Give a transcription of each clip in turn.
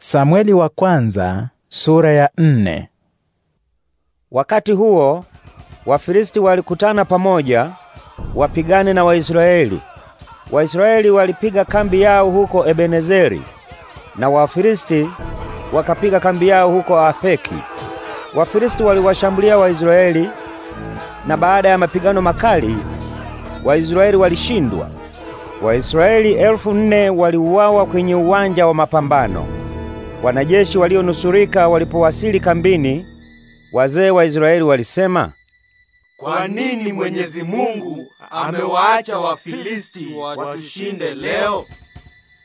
Samweli wa kwanza, sura ya nne. Wakati huo Wafilisti walikutana pamoja wapigane na Waisraeli. Waisraeli walipiga kambi yao huko Ebenezeri na Wafilisti wakapiga kambi yao huko Afeki. Wafilisti waliwashambulia Waisraeli na baada ya mapigano makali Waisraeli walishindwa. Waisraeli elfu nne waliuawa kwenye uwanja wa mapambano. Wanajeshi walionusurika walipowasili kambini, wazee wa Israeli walisema, kwa nini Mwenyezi Mungu amewaacha Wafilisti watushinde leo?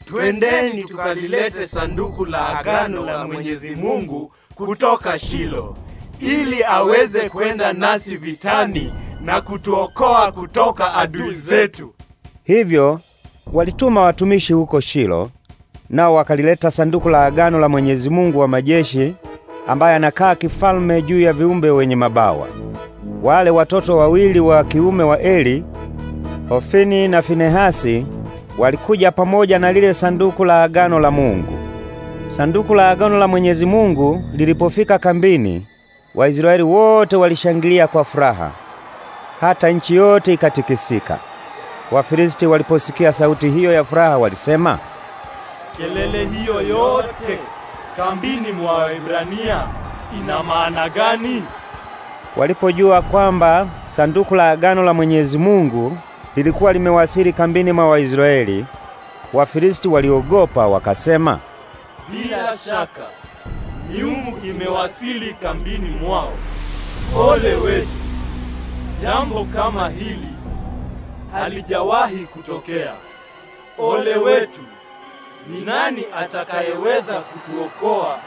Twendeni tukalilete sanduku la agano la Mwenyezi Mungu kutoka Shilo ili aweze kwenda nasi vitani na kutuokoa kutoka adui zetu. Hivyo walituma watumishi huko Shilo nao wakalileta sanduku la agano la Mwenyezi Mungu wa majeshi ambaye anakaa kifalme juu ya viumbe wenye mabawa. Wale watoto wawili wa kiume wa Eli, Hofini na Finehasi, walikuja pamoja na lile sanduku la agano la Mungu. Sanduku la agano la Mwenyezi Mungu lilipofika kambini, Waisraeli wote walishangilia kwa furaha, hata nchi yote ikatikisika. Wafilisti waliposikia sauti hiyo ya furaha walisema Kelele hiyo yote kambini mwa Waebrania ina maana gani? Walipojua kwamba sanduku la agano la Mwenyezi Mungu lilikuwa limewasili kambini mwa Waisraeli, Wafilisti waliogopa wakasema, bila shaka miungu imewasili kambini mwao. Ole wetu! Jambo kama hili halijawahi kutokea. Ole wetu! Ni nani atakayeweza kutuokoa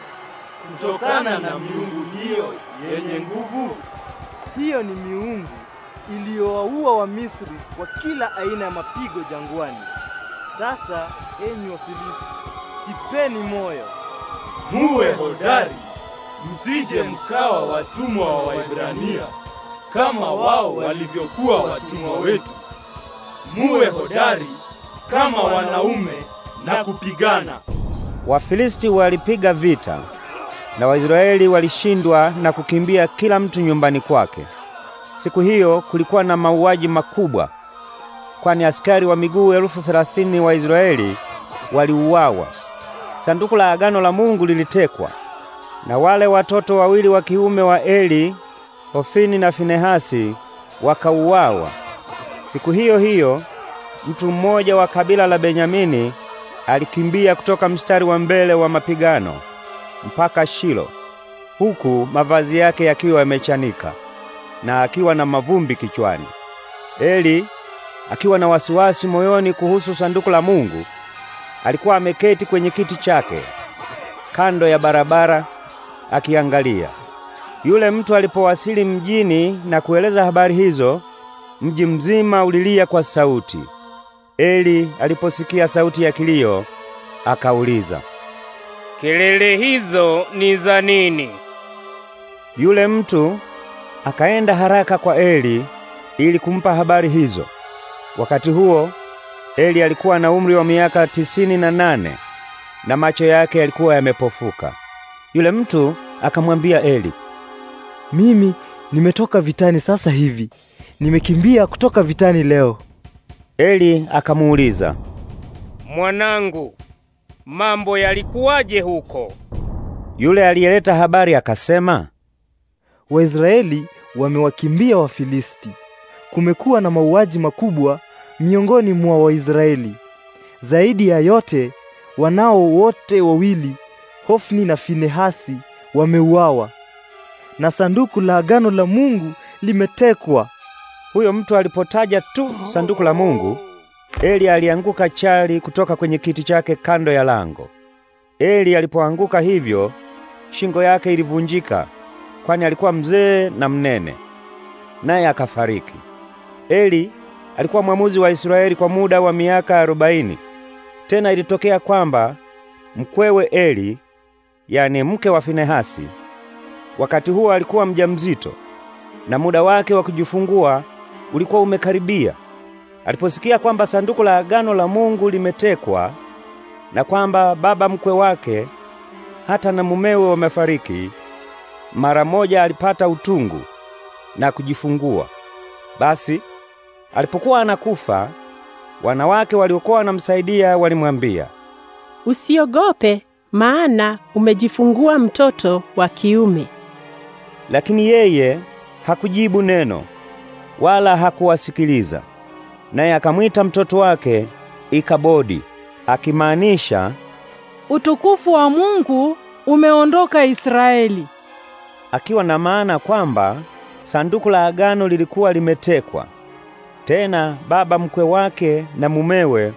kutokana na miungu hiyo yenye nguvu? Hiyo ni miungu iliyowaua Wamisri kwa kila aina ya mapigo jangwani. Sasa enyi Wafilisti, jipeni moyo, muwe hodari, msije mkawa watumwa wa waibrania kama wao walivyokuwa watumwa wetu. Muwe hodari kama wanaume na kupigana. Wafilisti walipiga vita na Waisraeli walishindwa na kukimbia kila mtu nyumbani kwake. Siku hiyo kulikuwa na mauaji makubwa, kwani askari wa miguu elufu thelathini wa Israeli waliuawa. Sanduku la agano la Mungu lilitekwa, na wale watoto wawili wa kiume wa Eli, Hofini na Finehasi, wakauawa. Siku hiyo hiyo mtu mmoja wa kabila la Benyamini alikimbia kutoka mstari wa mbele wa mapigano mpaka Shilo, huku mavazi yake yakiwa yamechanika na akiwa na mavumbi kichwani. Eli akiwa na wasiwasi moyoni kuhusu sanduku la Mungu, alikuwa ameketi kwenye kiti chake kando ya barabara akiangalia. Yule mtu alipowasili mjini na kueleza habari hizo, mji mzima ulilia kwa sauti. Eli aliposikia sauti ya kilio akauliza, kelele hizo ni za nini? Yule mtu akaenda haraka kwa Eli ili kumpa habari hizo. Wakati huo Eli alikuwa na umri wa miaka tisini na nane na macho yake yalikuwa yamepofuka. Yule mtu akamwambia Eli, mimi nimetoka vitani sasa hivi, nimekimbia kutoka vitani leo. Eli akamuuliza, mwanangu, mambo yalikuwaje huko? Yule aliyeleta habari akasema, Waisraeli wamewakimbia Wafilisti. Kumekuwa na mauaji makubwa miongoni mwa Waisraeli. Zaidi ya yote, wanao wote wawili Hofni na Finehasi wameuawa, na sanduku la agano la Mungu limetekwa. Huyo mtu alipotaja tu sanduku la Mungu, Eli alianguka chali kutoka kwenye kiti chake kando ya lango. Eli alipoanguka hivyo, shingo yake ilivunjika, kwani alikuwa mzee na mnene, naye akafariki. Eli alikuwa mwamuzi wa Israeli kwa muda wa miaka arobaini. Tena ilitokea kwamba mkwewe Eli, yani mke wa Finehasi, wakati huo alikuwa mjamzito na muda wake wa kujifungua ulikuwa umekaribia. Aliposikia kwamba sanduku la agano la Mungu limetekwa na kwamba baba mkwe wake hata na mumewe wamefariki, mara moja alipata utungu na kujifungua. Basi alipokuwa anakufa, wanawake waliokuwa wanamsaidia walimwambia, usiogope, maana umejifungua mtoto wa kiume. Lakini yeye hakujibu neno wala hakuwasikiliza. Naye akamwita mtoto wake Ikabodi, akimaanisha utukufu wa Mungu umeondoka Israeli, akiwa na maana kwamba sanduku la agano lilikuwa limetekwa. Tena baba mkwe wake na mumewe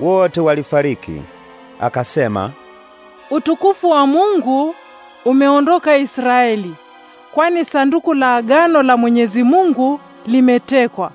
wote walifariki. Akasema, utukufu wa Mungu umeondoka Israeli, kwani sanduku la agano la Mwenyezi Mungu limetekwa.